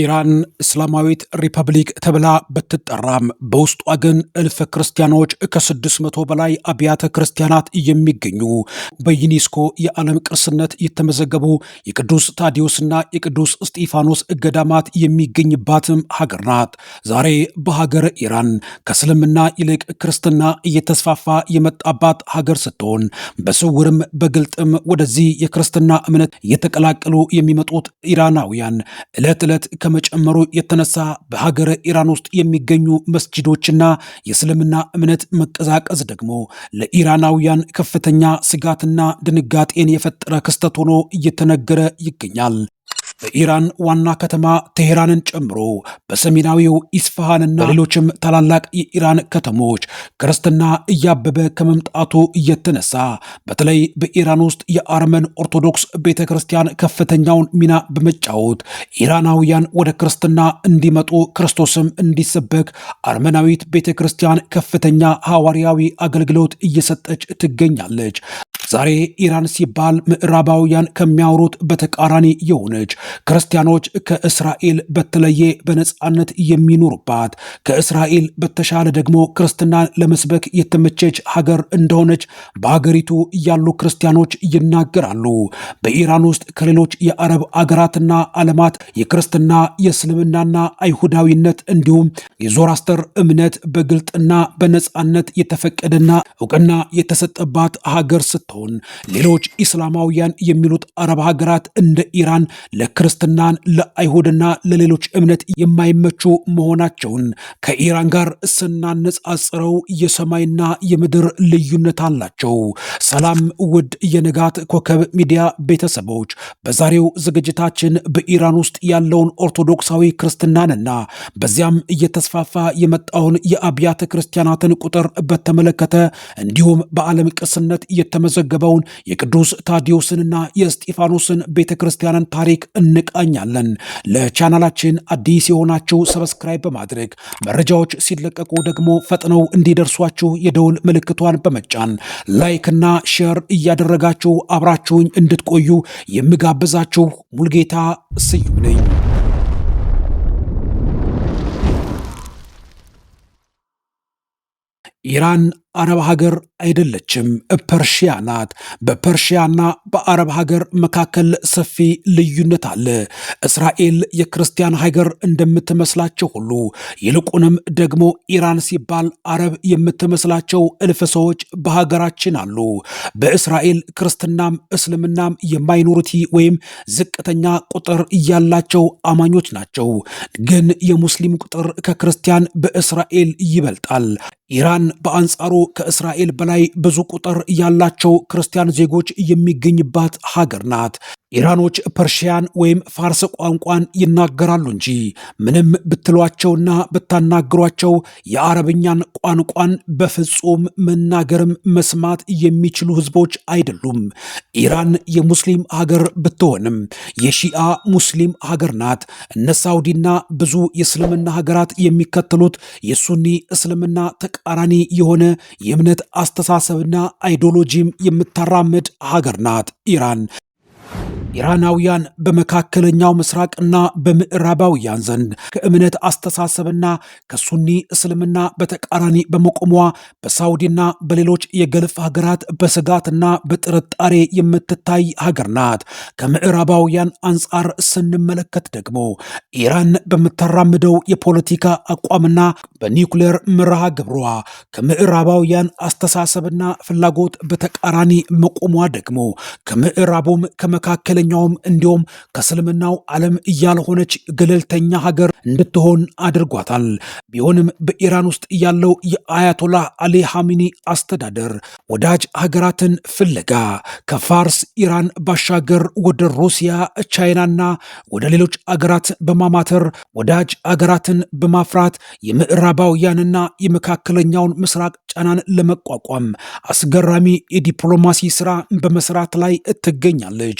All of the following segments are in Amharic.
ኢራን እስላማዊት ሪፐብሊክ ተብላ ብትጠራም በውስጧ ግን እልፍ ክርስቲያኖች ከስድስት መቶ በላይ አብያተ ክርስቲያናት የሚገኙ በዩኔስኮ የዓለም ቅርስነት የተመዘገቡ የቅዱስ ታዲዮስና የቅዱስ እስጢፋኖስ ገዳማት የሚገኝባትም ሀገር ናት። ዛሬ በሀገር ኢራን ከእስልምና ይልቅ ክርስትና እየተስፋፋ የመጣባት ሀገር ስትሆን በስውርም በግልጥም ወደዚህ የክርስትና እምነት እየተቀላቀሉ የሚመጡት ኢራናውያን ዕለት ዕለት ከመጨመሩ የተነሳ በሀገረ ኢራን ውስጥ የሚገኙ መስጂዶችና የእስልምና እምነት መቀዛቀዝ ደግሞ ለኢራናውያን ከፍተኛ ስጋትና ድንጋጤን የፈጠረ ክስተት ሆኖ እየተነገረ ይገኛል። በኢራን ዋና ከተማ ቴሄራንን ጨምሮ በሰሜናዊው ኢስፋሃንና ሌሎችም ታላላቅ የኢራን ከተሞች ክርስትና እያበበ ከመምጣቱ እየተነሳ በተለይ በኢራን ውስጥ የአርመን ኦርቶዶክስ ቤተ ክርስቲያን ከፍተኛውን ሚና በመጫወት ኢራናውያን ወደ ክርስትና እንዲመጡ ክርስቶስም እንዲሰበክ አርመናዊት ቤተ ክርስቲያን ከፍተኛ ሐዋርያዊ አገልግሎት እየሰጠች ትገኛለች። ዛሬ ኢራን ሲባል ምዕራባውያን ከሚያወሩት በተቃራኒ የሆነች ክርስቲያኖች ከእስራኤል በተለየ በነፃነት የሚኖሩባት ከእስራኤል በተሻለ ደግሞ ክርስትናን ለመስበክ የተመቸች ሀገር እንደሆነች በሀገሪቱ ያሉ ክርስቲያኖች ይናገራሉ። በኢራን ውስጥ ከሌሎች የአረብ አገራትና ዓለማት የክርስትና የእስልምናና አይሁዳዊነት እንዲሁም የዞራስተር እምነት በግልጥና በነፃነት የተፈቀደና እውቅና የተሰጠባት ሀገር ስትሆን ሌሎች ኢስላማውያን የሚሉት አረብ ሀገራት እንደ ኢራን ለክ ክርስትናን ለአይሁድና ለሌሎች እምነት የማይመቹ መሆናቸውን ከኢራን ጋር ስናነጻጽረው የሰማይና የምድር ልዩነት አላቸው። ሰላም ውድ የንጋት ኮከብ ሚዲያ ቤተሰቦች፣ በዛሬው ዝግጅታችን በኢራን ውስጥ ያለውን ኦርቶዶክሳዊ ክርስትናንና በዚያም እየተስፋፋ የመጣውን የአብያተ ክርስቲያናትን ቁጥር በተመለከተ እንዲሁም በዓለም ቅስነት የተመዘገበውን የቅዱስ ታዲዮስንና የእስጢፋኖስን ቤተ ክርስቲያንን ታሪክ እንቃኛለን። ለቻናላችን አዲስ የሆናችሁ ሰብስክራይብ በማድረግ መረጃዎች ሲለቀቁ ደግሞ ፈጥነው እንዲደርሷችሁ የደውል ምልክቷን በመጫን ላይክና ሼር እያደረጋችሁ አብራችሁኝ እንድትቆዩ የምጋብዛችሁ ሙልጌታ ስዩም ነኝ። ኢራን አረብ ሀገር አይደለችም፣ ፐርሺያ ናት። በፐርሺያና በአረብ ሀገር መካከል ሰፊ ልዩነት አለ። እስራኤል የክርስቲያን ሀገር እንደምትመስላቸው ሁሉ ይልቁንም ደግሞ ኢራን ሲባል አረብ የምትመስላቸው እልፍ ሰዎች በሀገራችን አሉ። በእስራኤል ክርስትናም እስልምናም የማይኖሪቲ ወይም ዝቅተኛ ቁጥር ያላቸው አማኞች ናቸው። ግን የሙስሊም ቁጥር ከክርስቲያን በእስራኤል ይበልጣል። ኢራን በአንጻሩ ከእስራኤል በላይ ብዙ ቁጥር ያላቸው ክርስቲያን ዜጎች የሚገኝባት ሀገር ናት። ኢራኖች ፐርሺያን ወይም ፋርስ ቋንቋን ይናገራሉ እንጂ ምንም ብትሏቸውና ብታናግሯቸው የአረብኛን ቋንቋን በፍጹም መናገርም መስማት የሚችሉ ህዝቦች አይደሉም። ኢራን የሙስሊም ሀገር ብትሆንም የሺአ ሙስሊም ሀገር ናት። እነ ሳውዲና ብዙ የእስልምና ሀገራት የሚከተሉት የሱኒ እስልምና ተቃራኒ የሆነ የእምነት አስተሳሰብና አይዲዮሎጂም የምታራምድ ሀገር ናት ኢራን። ኢራናውያን በመካከለኛው ምስራቅና በምዕራባውያን ዘንድ ከእምነት አስተሳሰብና ከሱኒ እስልምና በተቃራኒ በመቆሟ በሳውዲና በሌሎች የገልፍ ሀገራት በስጋትና በጥርጣሬ የምትታይ ሀገር ናት። ከምዕራባውያን አንጻር ስንመለከት ደግሞ ኢራን በምታራምደው የፖለቲካ አቋምና በኒውክሌር መርሃ ግብሯ ከምዕራባውያን አስተሳሰብና ፍላጎት በተቃራኒ መቆሟ ደግሞ ከምዕራቡም ከመካከለ ሁለተኛውም እንዲሁም ከእስልምናው ዓለም እያልሆነች ገለልተኛ ሀገር እንድትሆን አድርጓታል። ቢሆንም በኢራን ውስጥ ያለው የአያቶላህ አሊ ሐሚኒ አስተዳደር ወዳጅ ሀገራትን ፍለጋ ከፋርስ ኢራን ባሻገር ወደ ሩሲያ፣ ቻይናና ወደ ሌሎች አገራት በማማተር ወዳጅ አገራትን በማፍራት የምዕራባውያንና የመካከለኛውን ምስራቅ ጫናን ለመቋቋም አስገራሚ የዲፕሎማሲ ስራ በመስራት ላይ ትገኛለች።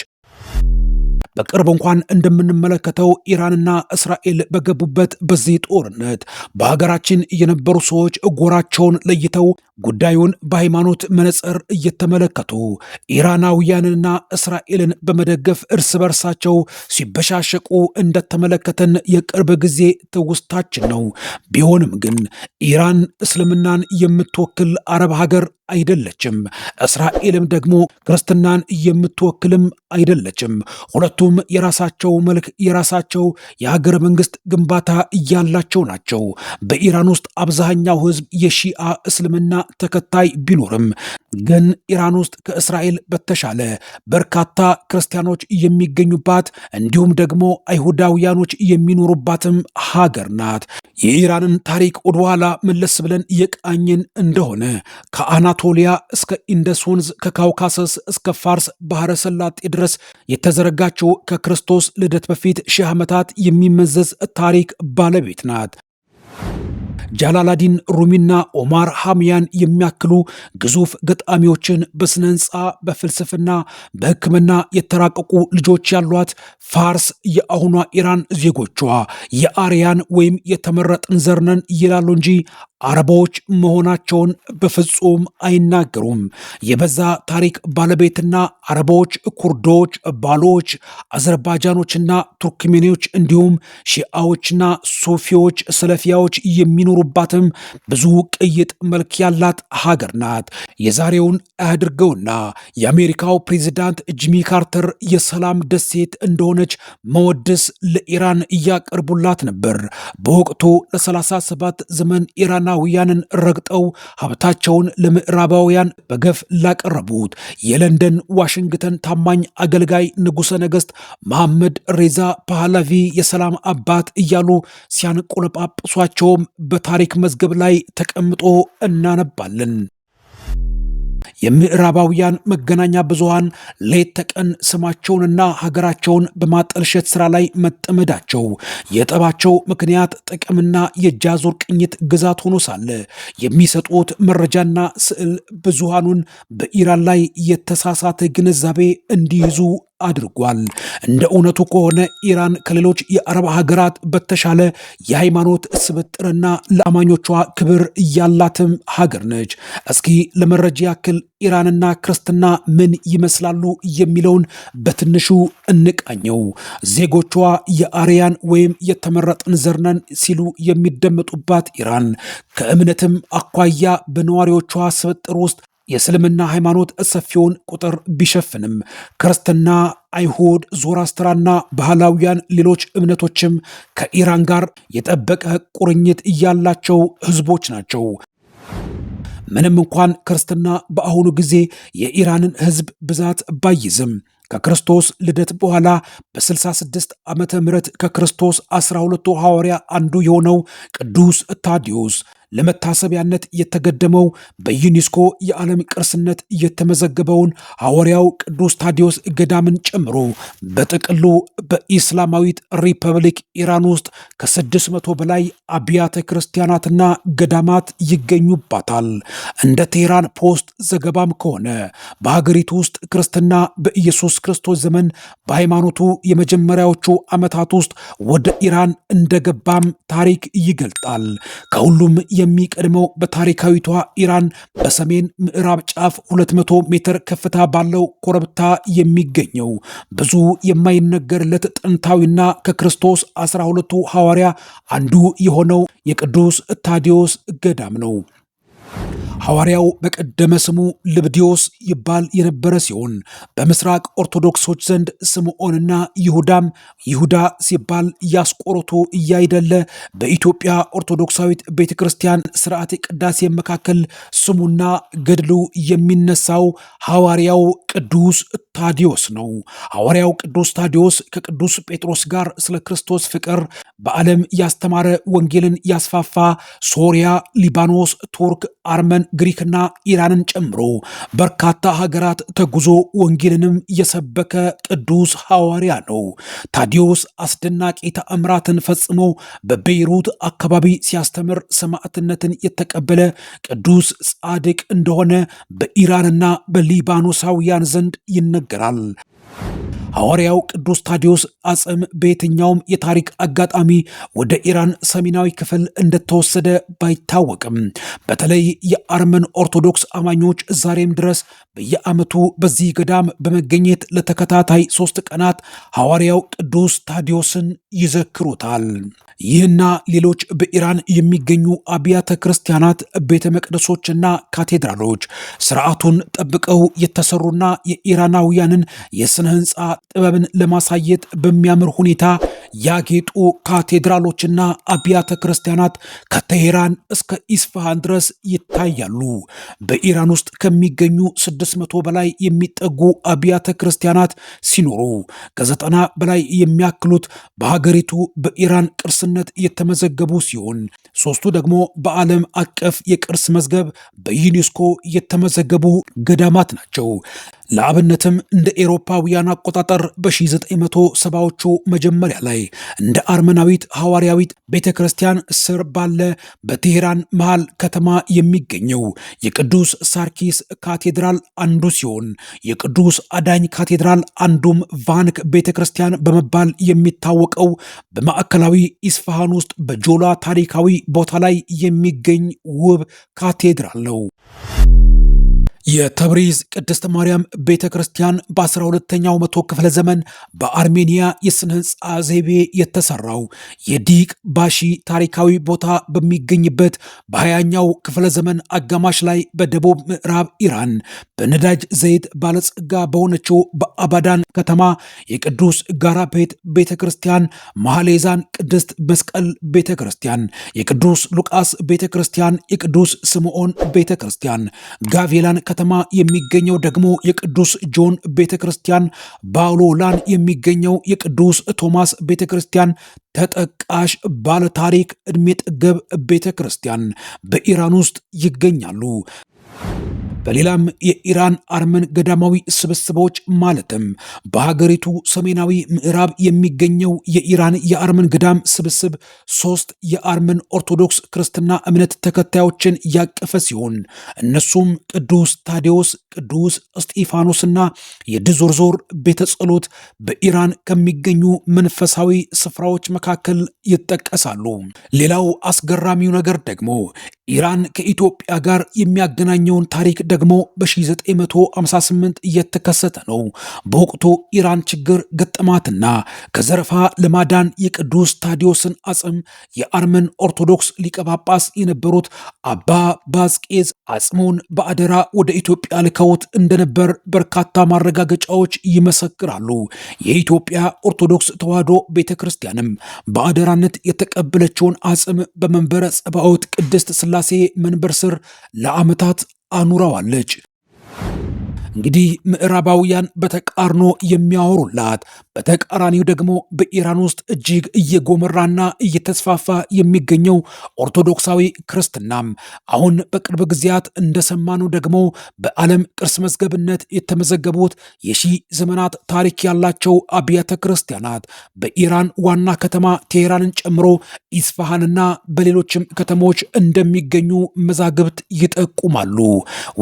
በቅርብ እንኳን እንደምንመለከተው ኢራንና እስራኤል በገቡበት በዚህ ጦርነት በሀገራችን የነበሩ ሰዎች ጎራቸውን ለይተው ጉዳዩን በሃይማኖት መነጽር እየተመለከቱ ኢራናውያንና እስራኤልን በመደገፍ እርስ በርሳቸው ሲበሻሸቁ እንደተመለከተን የቅርብ ጊዜ ትውስታችን ነው። ቢሆንም ግን ኢራን እስልምናን የምትወክል አረብ ሀገር አይደለችም። እስራኤልም ደግሞ ክርስትናን የምትወክልም አይደለችም። ሁለቱ ሁለቱም የራሳቸው መልክ የራሳቸው የሀገረ መንግስት ግንባታ እያላቸው ናቸው። በኢራን ውስጥ አብዛኛው ህዝብ የሺአ እስልምና ተከታይ ቢኖርም ግን ኢራን ውስጥ ከእስራኤል በተሻለ በርካታ ክርስቲያኖች የሚገኙባት እንዲሁም ደግሞ አይሁዳውያኖች የሚኖሩባትም ሀገር ናት። የኢራንን ታሪክ ወደኋላ መለስ ብለን የቃኝን እንደሆነ ከአናቶሊያ እስከ ኢንደስ ወንዝ ከካውካሰስ እስከ ፋርስ ባህረ ሰላጤ ድረስ የተዘረጋችው ከክርስቶስ ልደት በፊት ሺህ ዓመታት የሚመዘዝ ታሪክ ባለቤት ናት። ጃላላዲን ሩሚና ኦማር ሐምያን የሚያክሉ ግዙፍ ገጣሚዎችን በስነ ህንፃ፣ በፍልስፍና፣ በህክምና የተራቀቁ ልጆች ያሏት ፋርስ የአሁኗ ኢራን ዜጎቿ የአርያን ወይም የተመረጥን ዘርነን ይላሉ እንጂ አረቦች መሆናቸውን በፍጹም አይናገሩም። የበዛ ታሪክ ባለቤትና አረቦች፣ ኩርዶች፣ ባሎች፣ አዘርባጃኖችና ቱርክሜኔዎች እንዲሁም ሺአዎችና ሶፊዎች ሰለፊያዎች የሚኖሩባትም ብዙ ቅይጥ መልክ ያላት ሀገር ናት። የዛሬውን አያድርገውና የአሜሪካው ፕሬዚዳንት ጂሚ ካርተር የሰላም ደሴት እንደሆነች መወድስ ለኢራን እያቀርቡላት ነበር። በወቅቱ ለ37 ዘመን ኢራና ጀርመናውያንን ረግጠው ሀብታቸውን ለምዕራባውያን በገፍ ላቀረቡት የለንደን ዋሽንግተን ታማኝ አገልጋይ ንጉሠ ነገሥት መሐመድ ሬዛ ፓህላቪ የሰላም አባት እያሉ ሲያንቆለጳጵሷቸውም በታሪክ መዝገብ ላይ ተቀምጦ እናነባለን። የምዕራባውያን መገናኛ ብዙሃን ሌት ተቀን ስማቸውንና ሀገራቸውን በማጠልሸት ስራ ላይ መጠመዳቸው የጠባቸው ምክንያት ጥቅምና የጃዙር ቅኝት ግዛት ሆኖ ሳለ የሚሰጡት መረጃና ስዕል ብዙሃኑን በኢራን ላይ የተሳሳተ ግንዛቤ እንዲይዙ አድርጓል። እንደ እውነቱ ከሆነ ኢራን ከሌሎች የአረብ ሀገራት በተሻለ የሃይማኖት ስብጥርና ለአማኞቿ ክብር ያላትም ሀገር ነች። እስኪ ለመረጃ ያክል ኢራንና ክርስትና ምን ይመስላሉ የሚለውን በትንሹ እንቃኘው። ዜጎቿ የአርያን ወይም የተመረጥን ዘርነን ሲሉ የሚደመጡባት ኢራን ከእምነትም አኳያ በነዋሪዎቿ ስብጥር ውስጥ የእስልምና ሃይማኖት ሰፊውን ቁጥር ቢሸፍንም ክርስትና፣ አይሁድ፣ ዞራስትራና ባህላውያን ሌሎች እምነቶችም ከኢራን ጋር የጠበቀ ቁርኝት ያላቸው ህዝቦች ናቸው። ምንም እንኳን ክርስትና በአሁኑ ጊዜ የኢራንን ህዝብ ብዛት ባይዝም ከክርስቶስ ልደት በኋላ በ66 ዓመተ ምህረት ከክርስቶስ 12ቱ ሐዋርያ አንዱ የሆነው ቅዱስ ታዲዮስ ለመታሰቢያነት የተገደመው በዩኒስኮ የዓለም ቅርስነት የተመዘገበውን ሐዋርያው ቅዱስ ታዲዮስ ገዳምን ጨምሮ በጥቅሉ በኢስላማዊት ሪፐብሊክ ኢራን ውስጥ ከ600 በላይ አብያተ ክርስቲያናትና ገዳማት ይገኙባታል። እንደ ቴህራን ፖስት ዘገባም ከሆነ በሀገሪቱ ውስጥ ክርስትና በኢየሱስ ክርስቶስ ዘመን በሃይማኖቱ የመጀመሪያዎቹ ዓመታት ውስጥ ወደ ኢራን እንደገባም ታሪክ ይገልጣል። ከሁሉም የሚቀድመው በታሪካዊቷ ኢራን በሰሜን ምዕራብ ጫፍ 200 ሜትር ከፍታ ባለው ኮረብታ የሚገኘው ብዙ የማይነገርለት ጥንታዊና ከክርስቶስ 12ቱ ሐዋርያ አንዱ የሆነው የቅዱስ ታዲዮስ ገዳም ነው። ሐዋርያው በቀደመ ስሙ ልብዲዮስ ይባል የነበረ ሲሆን በምስራቅ ኦርቶዶክሶች ዘንድ ስምዖንና ይሁዳም ይሁዳ ሲባል ያስቆሮቱ እያይደለ በኢትዮጵያ ኦርቶዶክሳዊት ቤተ ክርስቲያን ስርዓተ ቅዳሴ መካከል ስሙና ገድሉ የሚነሳው ሐዋርያው ቅዱስ ታዲዮስ ነው። ሐዋርያው ቅዱስ ታዲዮስ ከቅዱስ ጴጥሮስ ጋር ስለ ክርስቶስ ፍቅር በዓለም ያስተማረ፣ ወንጌልን ያስፋፋ፣ ሶሪያ፣ ሊባኖስ፣ ቱርክ፣ አርመን ግሪክና ኢራንን ጨምሮ በርካታ ሀገራት ተጉዞ ወንጌልንም የሰበከ ቅዱስ ሐዋርያ ነው። ታዲዮስ አስደናቂ ተአምራትን ፈጽሞ በቤይሩት አካባቢ ሲያስተምር ሰማዕትነትን የተቀበለ ቅዱስ ጻድቅ እንደሆነ በኢራንና በሊባኖሳውያን ዘንድ ይነገራል። ሐዋርያው ቅዱስ ታዲዮስ አጽም በየትኛውም የታሪክ አጋጣሚ ወደ ኢራን ሰሜናዊ ክፍል እንደተወሰደ ባይታወቅም በተለይ የአርመን ኦርቶዶክስ አማኞች ዛሬም ድረስ በየዓመቱ በዚህ ገዳም በመገኘት ለተከታታይ ሶስት ቀናት ሐዋርያው ቅዱስ ታዲዮስን ይዘክሩታል። ይህና ሌሎች በኢራን የሚገኙ አብያተ ክርስቲያናት፣ ቤተ መቅደሶችና ካቴድራሎች ስርዓቱን ጠብቀው የተሰሩና የኢራናውያንን የሥነ ሕንፃ ጥበብን ለማሳየት በሚያምር ሁኔታ ያጌጡ ካቴድራሎችና አብያተ ክርስቲያናት ከተሄራን እስከ ኢስፋሃን ድረስ ይታያሉ። በኢራን ውስጥ ከሚገኙ 600 በላይ የሚጠጉ አብያተ ክርስቲያናት ሲኖሩ ከዘጠና በላይ የሚያክሉት በሀገሪቱ በኢራን ቅርስነት የተመዘገቡ ሲሆን ሶስቱ ደግሞ በዓለም አቀፍ የቅርስ መዝገብ በዩኔስኮ የተመዘገቡ ገዳማት ናቸው። ለአብነትም እንደ ኤሮፓውያን አቆጣጠር በ1970ዎቹ መጀመሪያ ላይ እንደ አርመናዊት ሐዋርያዊት ቤተ ክርስቲያን ስር ባለ በቴሄራን መሃል ከተማ የሚገኘው የቅዱስ ሳርኪስ ካቴድራል አንዱ ሲሆን የቅዱስ አዳኝ ካቴድራል አንዱም ቫንክ ቤተ ክርስቲያን በመባል የሚታወቀው በማዕከላዊ ኢስፋሃን ውስጥ በጆላ ታሪካዊ ቦታ ላይ የሚገኝ ውብ ካቴድራል ነው። የተብሪዝ ቅድስተ ማርያም ቤተ ክርስቲያን በ 12 ተኛው መቶ ክፍለ ዘመን በአርሜኒያ የሥነ ሕንፃ ዘይቤ የተሠራው የዲቅ ባሺ ታሪካዊ ቦታ በሚገኝበት በ20ኛው ክፍለ ዘመን አጋማሽ ላይ በደቡብ ምዕራብ ኢራን በነዳጅ ዘይት ባለጸጋ በሆነችው በአባዳን ከተማ የቅዱስ ጋራፔት ቤተ ክርስቲያን፣ መሐሌዛን ቅድስት መስቀል ቤተ ክርስቲያን፣ የቅዱስ ሉቃስ ቤተ ክርስቲያን፣ የቅዱስ ስምዖን ቤተ ክርስቲያን፣ ጋቬላን ከተማ ከተማ የሚገኘው ደግሞ የቅዱስ ጆን ቤተ ክርስቲያን፣ ባውሎላን የሚገኘው የቅዱስ ቶማስ ቤተ ክርስቲያን ተጠቃሽ ባለታሪክ ዕድሜ ጠገብ ቤተ ክርስቲያን በኢራን ውስጥ ይገኛሉ። በሌላም የኢራን አርመን ገዳማዊ ስብስቦች ማለትም በሀገሪቱ ሰሜናዊ ምዕራብ የሚገኘው የኢራን የአርመን ገዳም ስብስብ ሶስት የአርመን ኦርቶዶክስ ክርስትና እምነት ተከታዮችን ያቀፈ ሲሆን እነሱም ቅዱስ ታዲዎስ፣ ቅዱስ እስጢፋኖስና የድዞርዞር ቤተ ጸሎት በኢራን ከሚገኙ መንፈሳዊ ስፍራዎች መካከል ይጠቀሳሉ። ሌላው አስገራሚው ነገር ደግሞ ኢራን ከኢትዮጵያ ጋር የሚያገናኘውን ታሪክ ደግሞ በ1958 እየተከሰተ ነው። በወቅቱ ኢራን ችግር ገጠማትና ከዘረፋ ለማዳን የቅዱስ ታዲዮስን አጽም የአርመን ኦርቶዶክስ ሊቀ ጳጳስ የነበሩት አባ ባዝቄዝ አጽሙን በአደራ ወደ ኢትዮጵያ ልከውት እንደነበር በርካታ ማረጋገጫዎች ይመሰክራሉ። የኢትዮጵያ ኦርቶዶክስ ተዋሕዶ ቤተ ክርስቲያንም በአደራነት የተቀበለችውን አጽም በመንበረ ጸባዖት ቅድስት ስላሴ መንበር ስር ለዓመታት አኑረዋለች። እንግዲህ ምዕራባውያን በተቃርኖ የሚያወሩላት፣ በተቃራኒው ደግሞ በኢራን ውስጥ እጅግ እየጎመራና እየተስፋፋ የሚገኘው ኦርቶዶክሳዊ ክርስትናም አሁን በቅርብ ጊዜያት እንደሰማነው ደግሞ በዓለም ቅርስ መዝገብነት የተመዘገቡት የሺህ ዘመናት ታሪክ ያላቸው አብያተ ክርስቲያናት በኢራን ዋና ከተማ ቴሄራንን ጨምሮ ኢስፋሃንና በሌሎችም ከተሞች እንደሚገኙ መዛግብት ይጠቁማሉ።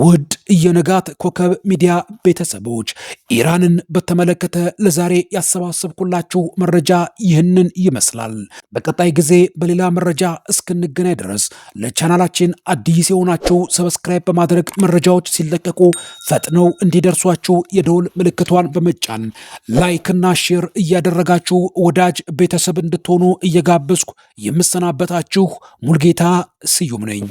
ውድ የንጋት ኮከብ ሚዲያ ቤተሰቦች ኢራንን በተመለከተ ለዛሬ ያሰባሰብኩላችሁ መረጃ ይህንን ይመስላል። በቀጣይ ጊዜ በሌላ መረጃ እስክንገናኝ ድረስ ለቻናላችን አዲስ የሆናችሁ ሰብስክራይብ በማድረግ መረጃዎች ሲለቀቁ ፈጥነው እንዲደርሷችሁ የደውል ምልክቷን በመጫን ላይክና ሼር እያደረጋችሁ ወዳጅ ቤተሰብ እንድትሆኑ እየጋበዝኩ የምሰናበታችሁ ሙልጌታ ስዩም ነኝ።